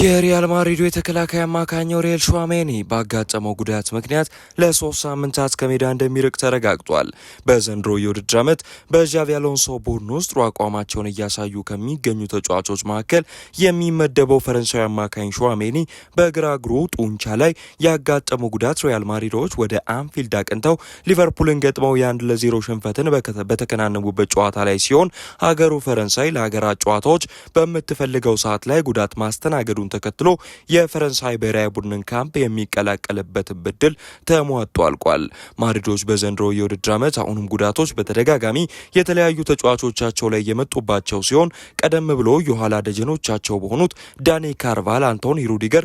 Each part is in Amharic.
የሪያል ማድሪዱ የተከላካይ አማካኛው ኦሪየል ሹዋሜኒ ባጋጠመው ጉዳት ምክንያት ለሶስት ሳምንታት ከሜዳ እንደሚርቅ ተረጋግጧል። በዘንድሮ የውድድር ዓመት በዣቪ አሎንሶ ቡድን ውስጥ ጥሩ አቋማቸውን እያሳዩ ከሚገኙ ተጫዋቾች መካከል የሚመደበው ፈረንሳዊ አማካኝ ሹዋሜኒ በግራ እግሩ ጡንቻ ላይ ያጋጠመው ጉዳት ሪያል ማድሪዶች ወደ አንፊልድ አቅንተው ሊቨርፑልን ገጥመው የአንድ ለዜሮ ሽንፈትን በተከናነቡበት ጨዋታ ላይ ሲሆን ሀገሩ ፈረንሳይ ለሀገራት ጨዋታዎች በምትፈልገው ሰዓት ላይ ጉዳት ማስተናገዱ መወሰዱን ተከትሎ የፈረንሳይ ብሔራዊ ቡድንን ካምፕ የሚቀላቀልበት ብድል ተሟጦ አልቋል። ማድሪዶች በዘንድሮ የውድድር ዓመት አሁንም ጉዳቶች በተደጋጋሚ የተለያዩ ተጫዋቾቻቸው ላይ የመጡባቸው ሲሆን ቀደም ብሎ የኋላ ደጀኖቻቸው በሆኑት ዳኒ ካርቫል፣ አንቶኒ ሩዲገር፣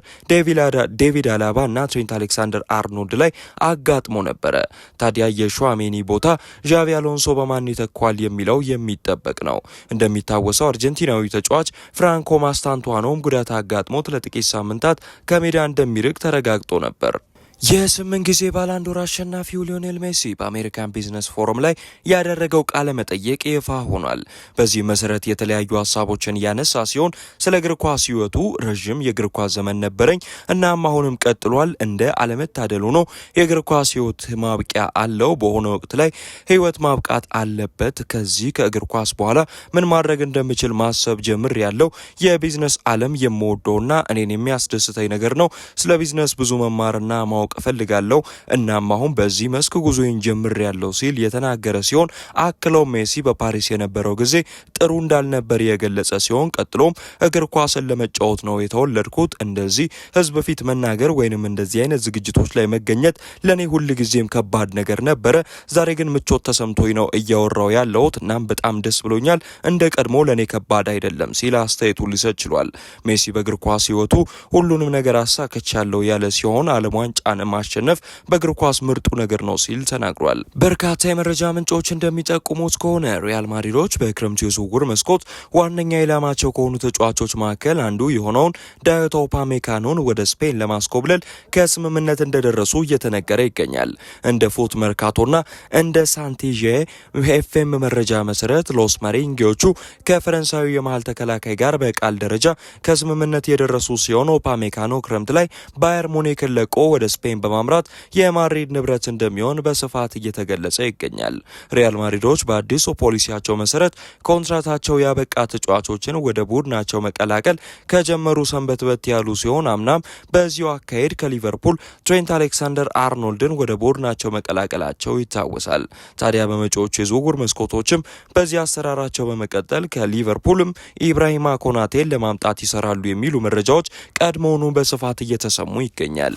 ዴቪድ አላባ እና ትሬንት አሌክሳንደር አርኖልድ ላይ አጋጥሞ ነበረ። ታዲያ የሹአሜኒ ቦታ ዣቪ አሎንሶ በማን ይተኳል የሚለው የሚጠበቅ ነው። እንደሚታወሰው አርጀንቲናዊ ተጫዋች ፍራንኮ ማስታንቷኖም ጉዳት አጋጥሞ አጋጥሞት ለጥቂት ሳምንታት ከሜዳ እንደሚርቅ ተረጋግጦ ነበር። የስምንት ጊዜ ባላንዶር አሸናፊው ሊዮኔል ሜሲ በአሜሪካን ቢዝነስ ፎረም ላይ ያደረገው ቃለ መጠየቅ ይፋ ሆኗል። በዚህ መሰረት የተለያዩ ሀሳቦችን ያነሳ ሲሆን ስለ እግር ኳስ ሕይወቱ ረዥም የእግር ኳስ ዘመን ነበረኝ፣ እናም አሁንም ቀጥሏል። እንደ አለመታደል ሆኖ የእግር ኳስ ሕይወት ማብቂያ አለው። በሆነ ወቅት ላይ ሕይወት ማብቃት አለበት። ከዚህ ከእግር ኳስ በኋላ ምን ማድረግ እንደምችል ማሰብ ጀምር ያለው የቢዝነስ ዓለም የምወደውና እኔን የሚያስደስተኝ ነገር ነው። ስለ ቢዝነስ ብዙ መማርና ማወቅ ማወቅ እፈልጋለሁ። እናም አሁን በዚህ መስክ ጉዞዬን ጀምሬ ያለው ሲል የተናገረ ሲሆን አክለው ሜሲ በፓሪስ የነበረው ጊዜ ጥሩ እንዳልነበር የገለጸ ሲሆን ቀጥሎም እግር ኳስን ለመጫወት ነው የተወለድኩት። እንደዚህ ህዝብ ፊት መናገር ወይንም እንደዚህ አይነት ዝግጅቶች ላይ መገኘት ለእኔ ሁል ጊዜም ከባድ ነገር ነበረ። ዛሬ ግን ምቾት ተሰምቶኝ ነው እያወራው ያለሁት። እናም በጣም ደስ ብሎኛል። እንደ ቀድሞ ለእኔ ከባድ አይደለም ሲል አስተያየቱን ሊሰጥ ችሏል። ሜሲ በእግር ኳስ ህይወቱ ሁሉንም ነገር አሳክቻለሁ ያለ ሲሆን አለም ዋንጫ ሩሲያን ማሸነፍ በእግር ኳስ ምርጡ ነገር ነው ሲል ተናግሯል። በርካታ የመረጃ ምንጮች እንደሚጠቁሙት ከሆነ ሪያል ማድሪዶች በክረምቱ የዝውውር መስኮት ዋነኛ ኢላማቸው ከሆኑ ተጫዋቾች መካከል አንዱ የሆነውን ዳዮት ኡፓሜካኖን ወደ ስፔን ለማስኮብለል ከስምምነት እንደደረሱ እየተነገረ ይገኛል። እንደ ፉት መርካቶና እንደ ሳንቲዤ ኤፍኤም መረጃ መሰረት ሎስ ማሪንጌዎቹ ከፈረንሳዊ የመሀል ተከላካይ ጋር በቃል ደረጃ ከስምምነት የደረሱ ሲሆን ኡፓሜካኖ ክረምት ላይ ባየር ሙኒክን ለቆ ወደ ስፔን ስፔን በማምራት የማድሪድ ንብረት እንደሚሆን በስፋት እየተገለጸ ይገኛል። ሪያል ማድሪዶች በአዲሱ ፖሊሲያቸው መሰረት ኮንትራታቸው ያበቃ ተጫዋቾችን ወደ ቡድናቸው መቀላቀል ከጀመሩ ሰንበትበት ያሉ ሲሆን አምናም በዚሁ አካሄድ ከሊቨርፑል ትሬንት አሌክሳንደር አርኖልድን ወደ ቡድናቸው መቀላቀላቸው ይታወሳል። ታዲያ በመጪዎቹ የዝውውር መስኮቶችም በዚህ አሰራራቸው በመቀጠል ከሊቨርፑልም ኢብራሂማ ኮናቴን ለማምጣት ይሰራሉ የሚሉ መረጃዎች ቀድሞውኑ በስፋት እየተሰሙ ይገኛል።